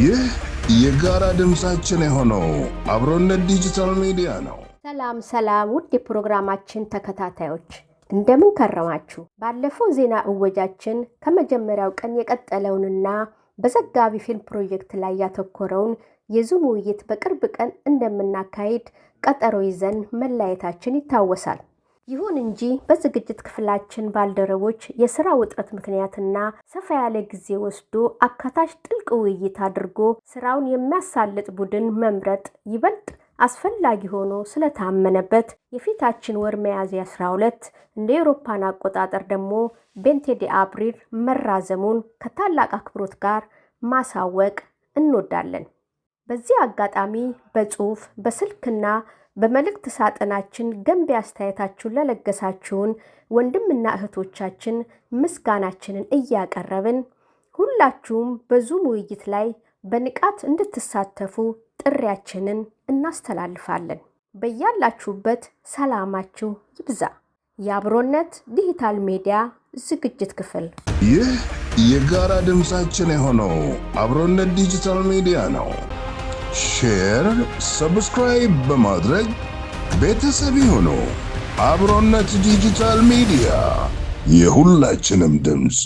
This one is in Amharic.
ይህ የጋራ ድምፃችን የሆነው አብሮነት ዲጂታል ሚዲያ ነው። ሰላም ሰላም! ውድ የፕሮግራማችን ተከታታዮች እንደምን ከረማችሁ? ባለፈው ዜና እወጃችን ከመጀመሪያው ቀን የቀጠለውንና በዘጋቢ ፊልም ፕሮጀክት ላይ ያተኮረውን የዙም ውይይት በቅርብ ቀን እንደምናካሄድ ቀጠሮ ይዘን መለያየታችን ይታወሳል። ይሁን እንጂ በዝግጅት ክፍላችን ባልደረቦች የስራ ውጥረት ምክንያትና ሰፋ ያለ ጊዜ ወስዶ አካታች ጥልቅ ውይይት አድርጎ ስራውን የሚያሳልጥ ቡድን መምረጥ ይበልጥ አስፈላጊ ሆኖ ስለታመነበት የፊታችን ወር ሚያዝያ 12 እንደ ኤሮፓን አቆጣጠር ደግሞ ቤንቴዲ ዴ መራዘሙን ከታላቅ አክብሮት ጋር ማሳወቅ እንወዳለን። በዚህ አጋጣሚ በጽሁፍ በስልክና በመልእክት ሳጥናችን ገንቢ አስተያየታችሁን ለለገሳችሁን ወንድምና እህቶቻችን ምስጋናችንን እያቀረብን ሁላችሁም በዙም ውይይት ላይ በንቃት እንድትሳተፉ ጥሪያችንን እናስተላልፋለን። በያላችሁበት ሰላማችሁ ይብዛ። የአብሮነት ዲጂታል ሚዲያ ዝግጅት ክፍል ይህ የጋራ ድምፃችን የሆነው አብሮነት ዲጂታል ሚዲያ ነው። ሼር፣ ሰብስክራይብ በማድረግ ቤተሰብ ይሁኑ። አብሮነት ዲጂታል ሚዲያ የሁላችንም ድምፅ